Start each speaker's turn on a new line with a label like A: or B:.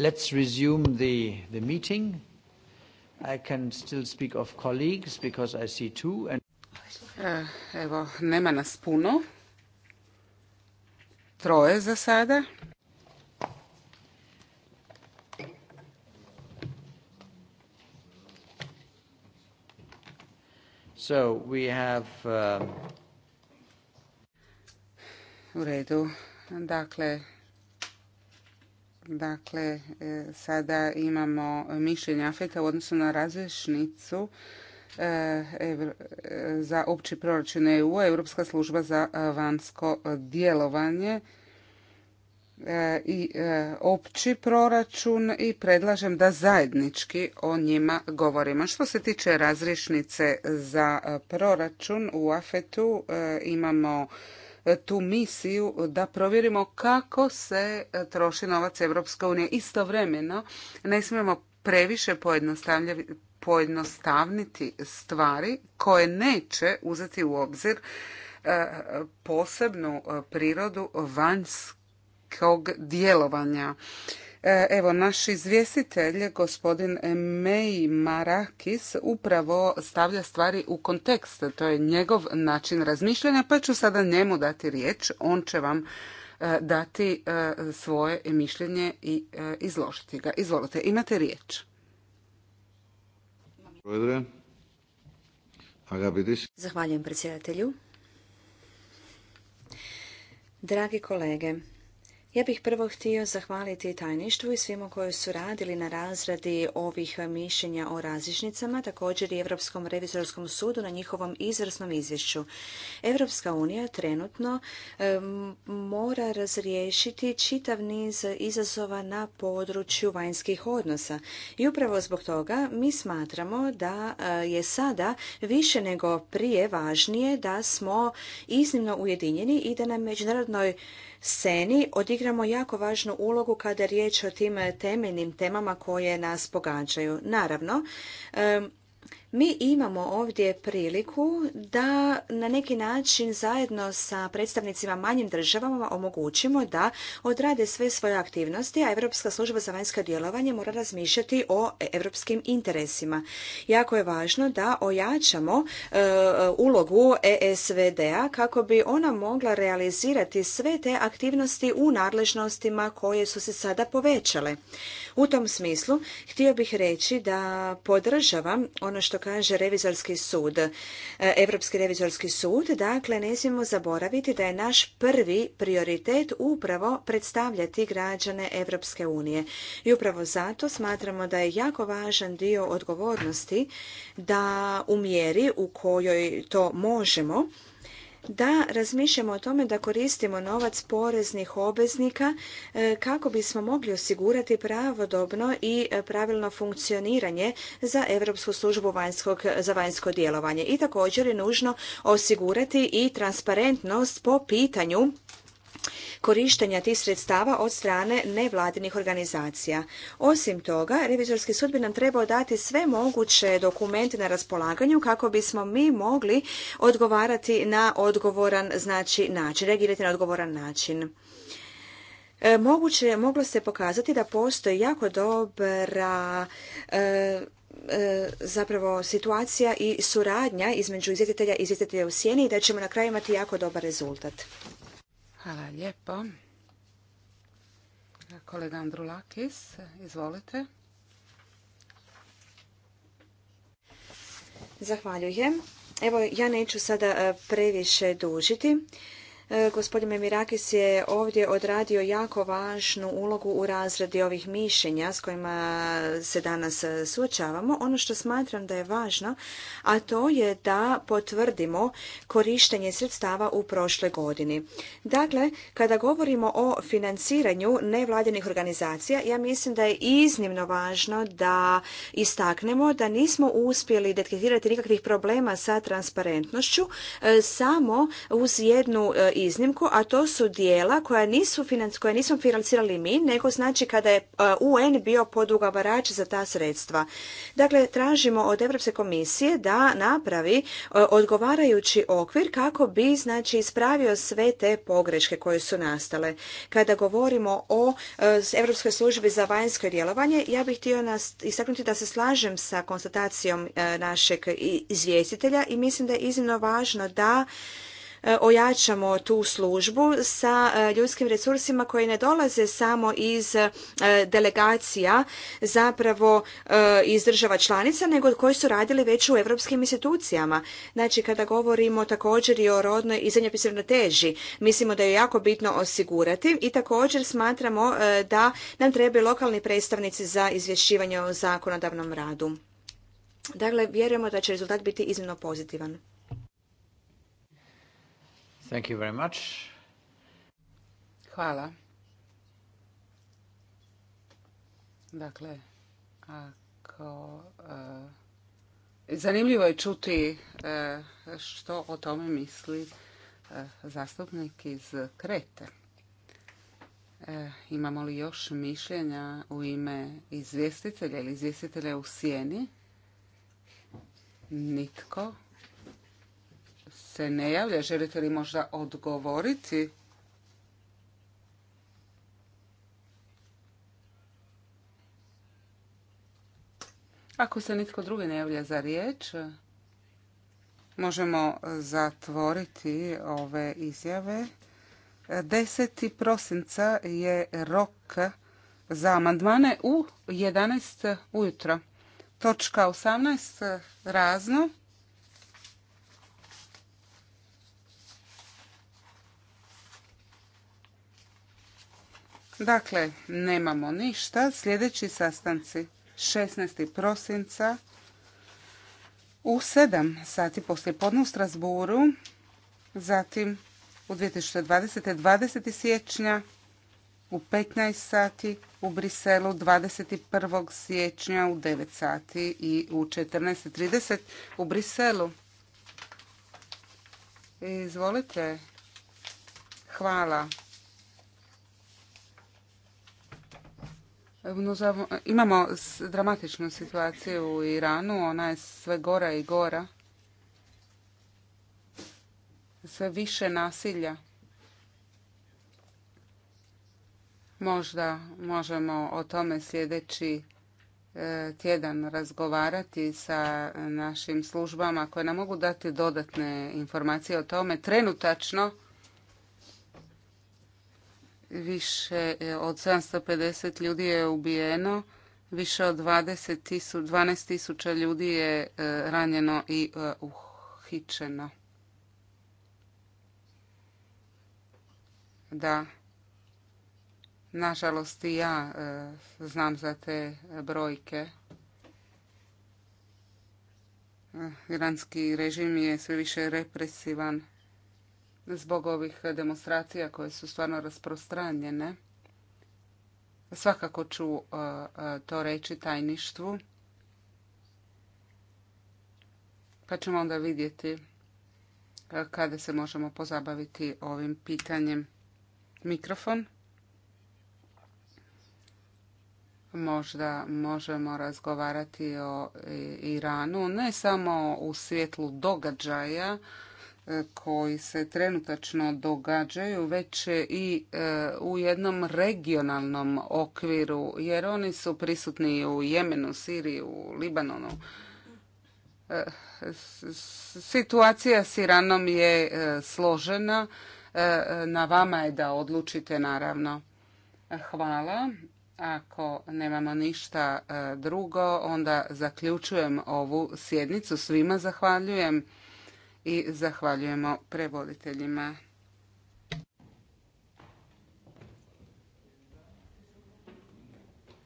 A: Let's resume the, the meeting. I can still speak of colleagues because I see two and...
B: Eh, evo, nema nas puno. Troje za sada.
A: So we have... Um...
B: U redu. Dakle, Dakle, e, sada imamo mišljenje Afeta u odnosu na razrešnicu e, e, za opći proračun EU, Europska služba za vanjsko djelovanje i opći proračun i predlažem da zajednički o njima govorimo. Što se tiče razrišnice za proračun u AFET-u imamo tu misiju da provjerimo kako se troši novac Europske unije. Istovremeno ne smijemo previše pojednostavniti stvari koje neće uzeti u obzir e, posebnu prirodu vanjskog djelovanja E, evo, naš izvjestitelj, gospodin Mei Marakis, upravo stavlja stvari u kontekst. To je njegov način razmišljanja, pa ću sada njemu dati riječ. On će vam e, dati e, svoje mišljenje i izložiti ga. Izvolite, imate riječ.
A: Zahvaljujem predsjedatelju. Dragi kolege, ja bih prvo htio zahvaliti tajništvu i svima koji su radili na razradi ovih mišljenja o različnicama, također i Europskom revizorskom sudu na njihovom izvrsnom izvješću. Evropska unija trenutno mora razriješiti čitav niz izazova na području vanjskih odnosa. I upravo zbog toga mi smatramo da e, je sada više nego prije važnije da smo iznimno ujedinjeni i da na međunarodnoj sceni odigramo igramo jako važnu ulogu kada je riječ o tim temeljnim temama koje nas pogađaju. Naravno, mi imamo ovdje priliku da na neki način zajedno sa predstavnicima manjim državama omogućimo da odrade sve svoje aktivnosti, a Europska služba za vanjsko djelovanje mora razmišljati o europskim interesima. Jako je važno da ojačamo e, ulogu ESVD-a kako bi ona mogla realizirati sve te aktivnosti u nadležnostima koje su se sada povećale. U tom smislu htio bih reći da podržavam ono što kaže revizorski sud, Europski revizorski sud, dakle ne smijemo zaboraviti da je naš prvi prioritet upravo predstavljati građane Europske unije. I upravo zato smatramo da je jako važan dio odgovornosti da u mjeri u kojoj to možemo da razmišljamo o tome da koristimo novac poreznih obveznika e, kako bismo mogli osigurati pravodobno i e, pravilno funkcioniranje za Europsku službu vanjskog, za vanjsko djelovanje. I također je nužno osigurati i transparentnost po pitanju korištenja tih sredstava od strane nevladinih organizacija. Osim toga, revizorski sud bi nam trebao dati sve moguće dokumente na raspolaganju kako bismo mi mogli odgovarati na odgovoran znači, način, reagirati na odgovoran način. E, moguće, je moglo se pokazati da postoji jako dobra e, e, zapravo situacija i suradnja između izvjetitelja i izvjetitelja u sjeni i da ćemo na kraju imati jako dobar rezultat. Hvala lijepo. Kolega Andrulakis, izvolite. Zahvaljujem. Evo, ja neću sada e, previše dužiti. Gospodin Memirakis je ovdje odradio jako važnu ulogu u razradi ovih mišljenja s kojima se danas e, suočavamo. Ono što smatram da je važno, a to je da potvrdimo korištenje sredstava u prošloj godini. Dakle, kada govorimo o financiranju nevladinih organizacija, ja mislim da je iznimno važno da istaknemo da nismo uspjeli detektirati nikakvih problema sa transparentnošću, e, samo uz jednu e, iznimku, a to su dijela koja nisu, koja nismo financirali mi, nego znači kada je e, UN bio podugovarač za ta sredstva. Dakle, tražimo od Europske komisije da napravi e, odgovarajući okvir kako bi znači ispravio sve te pogreške koje su nastale. Kada govorimo o e, Europskoj službi za vanjsko djelovanje, ja bih htio istaknuti da se slažem sa konstatacijom našeg izvjestitelja i mislim da je iznimno važno da E, ojačamo tu službu sa e, ljudskim resursima koji ne dolaze samo iz e, delegacija zapravo iz država članica nego koji su radili već u europskim institucijama. Znači kada govorimo također i o rodnoj i zemljopisnoj teži mislimo da je jako bitno osigurati i također smatramo da nam trebaju lokalni predstavnici za izvješćivanje o zakonodavnom radu. Dakle, vjerujemo da će rezultat biti iznimno pozitivan.
B: Hvala. Dakle, ako... Eh, zanimljivo je čuti eh, što o tome misli eh, zastupnik iz Krete. Imamo li još mišljenja u ime izvjestitelja ili izvjestitelja u sjeni? Nitko se ne javlja. Želite li možda odgovoriti? Ako se nitko drugi ne javlja za riječ, možemo zatvoriti ove izjave. 10. prosinca je rok za amandmane u 11. ujutro. Točka 18. razno. Dakle, nemamo ništa. Sljedeći sastanci 16. prosinca u 7 sati poslije podne u Strasburu, zatim u 2020. 20. siječnja u 15 sati, u Briselu 21. siječnja u 9 sati i u 14.30 u Briselu. Izvolite. Hvala. Imamo dramatičnu situaciju u Iranu, ona je sve gora i gora. Sve više nasilja. Možda možemo o tome sljedeći e, tjedan razgovarati sa našim službama koje nam mogu dati dodatne informacije o tome. Trenutačno Više e, od 750 ljudi je ubijeno, više od 12 tisuća ljudi je e, ranjeno i e, uhičeno. Da, nažalost i ja znam za te brojke. Iranski režim je sve više represivan zbog ovih demonstracija koje su stvarno rasprostranjene. Svakako ću e, e, to reći tajništvu. Pa ćemo onda vidjeti e, kada se možemo pozabaviti ovim pitanjem. Mikrofon. Možda možemo razgovarati o Iranu, ne samo u svjetlu događaja, koji se trenutačno događaju već i e, u jednom regionalnom okviru jer oni su prisutni u Jemenu, Siriji, u Libanonu. E, situacija s Iranom je e, složena. Na vama je da odlučite naravno. Hvala. Ako nemamo ništa drugo, onda zaključujem ovu sjednicu. Svima zahvaljujem i zahvaljujemo prevoditeljima.